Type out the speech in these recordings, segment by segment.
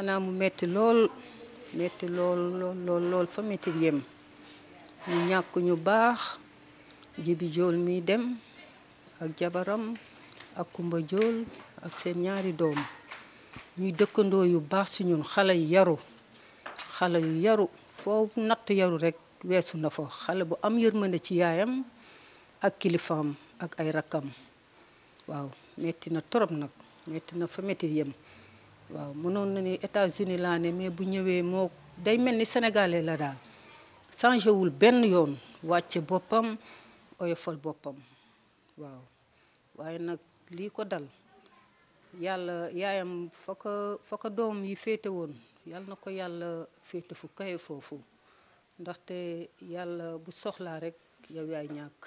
xanaa mu metti lool metti lool lool lool fa metti yem ñu ñàkk ñu baax jibi jool mi dem ak jabaram ak kumba jool ak seen ñaari doom ñuy dëkkandoo yu baax si ñun xale yu yaru xale yu yaru foo natt yaru rekk weesu na fa xale bu am yërmande ci yaayam ak kilifaam ak ay rakkam waaw metti na torop nag metti na fa metti yem waaw mënoon na ni États-Unis laa ne mais bu ñëwee moo day mel ni sénégalais la daal changé wul benn yoon wàcce boppam oyofal boppam waaw waaye nag lii ko dal yàlla yaayam fa ko doom yi féete woon yàlla na ko yàlla féete fu kawe foofu ndaxte yàlla bu soxlaa rek yow yaay ñàkk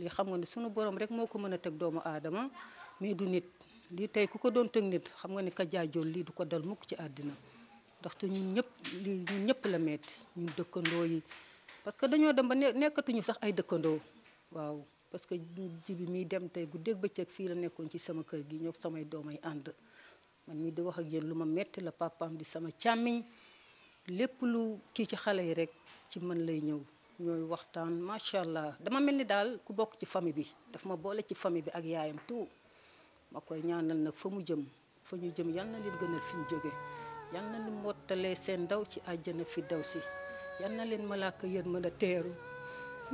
lii xam nga ni sunu borom rek moo ko mën a teg doomu aadama mais du nit lii tey ku ko doon teg nit xam nga ni ka jaajool lii du ko dal mukk ci àddina ndaxte ñun ñëpp lii ñun ñëpp la metti ñun dëkkandoo yi parce que dañoo dem ba nekkatuñu sax ay dëkkandoo waaw parce que jibi miy dem tey ba bëccëg fii la nekkoon ci sama kër gi ñoo samay doomay ànd man mii di wax ak yéen lu ma metti la papaam di sama càmmiñ lépp lu kii ci xale yi rek ci mën lay ñëw ñooy waxtaan macha allah dama mel ni daal ku bokk ci famille bi daf ma boole ci famille bi ak yaayam tout ma koy ñaanal nag fa mu jëm fa ñu jëm yal na leen gënal fi jóge yal na leen mottalee seen daw ci àjjana fi daw si leen malaaka yër mën a teeru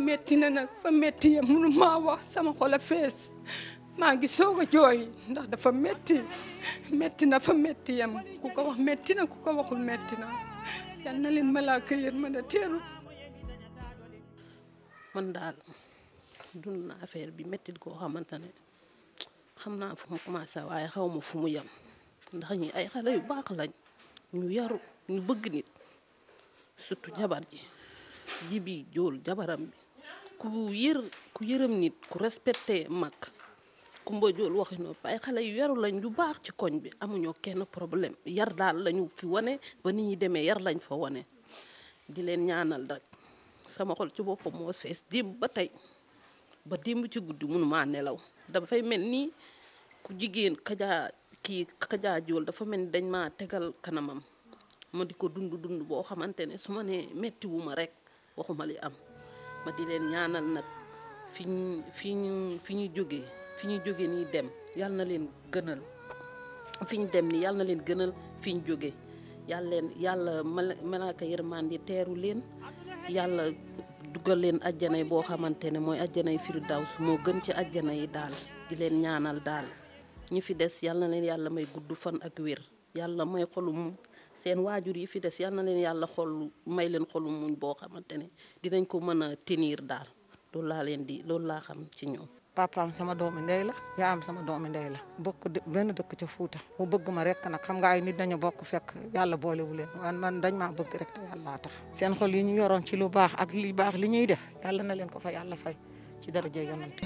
metti metti ya mënu maa ngi soog ndax dafa metti metti na ko wax leen malaaka yër mën daal dund na affaire bi mettit koo xamante ne xam naa fu mu commencé waaye xaw ma fu mu yem ndax ñi ay xale yu baax lañ ñu yaru ñu bëgg nit surtout jabar ji jibi jool jabaram bi ku yër ku yërëm nit ku respecté mag kumba jool waxi no ay xale yu yaru lañ yu baax ci koñ bi amuñoo kenn problème yar daal lañu fi wane ba nit ñi demee yar lañ fa wane di leen ñaanal rek sama xol ci boppam moo fees démb ba tey ba démb ci guddi mënumaa nelaw dafay mel nii ku jigéen kajaa kii kajaa jool dafa mel ni dañ maa tegal kanamam ma di ko dund dund boo xamante ne su ma nee méttiwu rekk rek waxuma li am ma di leen ñaanal nag fi ñu fi ñu fi ñu jógee fi ñu jóge nii dem yàlla na leen gënal fi ñu dem nii yàlla na leen gënal fi ñu jógee yàlla leen yàlla teeru leen yàlla dugal leen ajjana yi boo xamante ne mooy ajjana yi firdaws moo gën ci ajjana yi daal di leen ñaanal daal ñi fi des yàlla leen yàlla may gudd fan ak wér yàlla may xolum seen waajur yi fi des yal na leen yàlla xol may leen xolum muñ boo xamante ne dinañ ko mën a tenir daal loolu laa leen di loolu laa xam ci ñoom papaam sama doomi ndey la yaayam sama doomi ndey la bokk benn dëkk ca Fuuta mu bëgg ma rek na xam nga ay nit dañu bokk fekk yàlla boolewu leen wan man dañ maa bëgg rek te yàlla tax seen xol yi ñu yoroon ci lu baax ak li baax li ñuy def yàlla na leen ko fa yàlla fay ci daraja yonent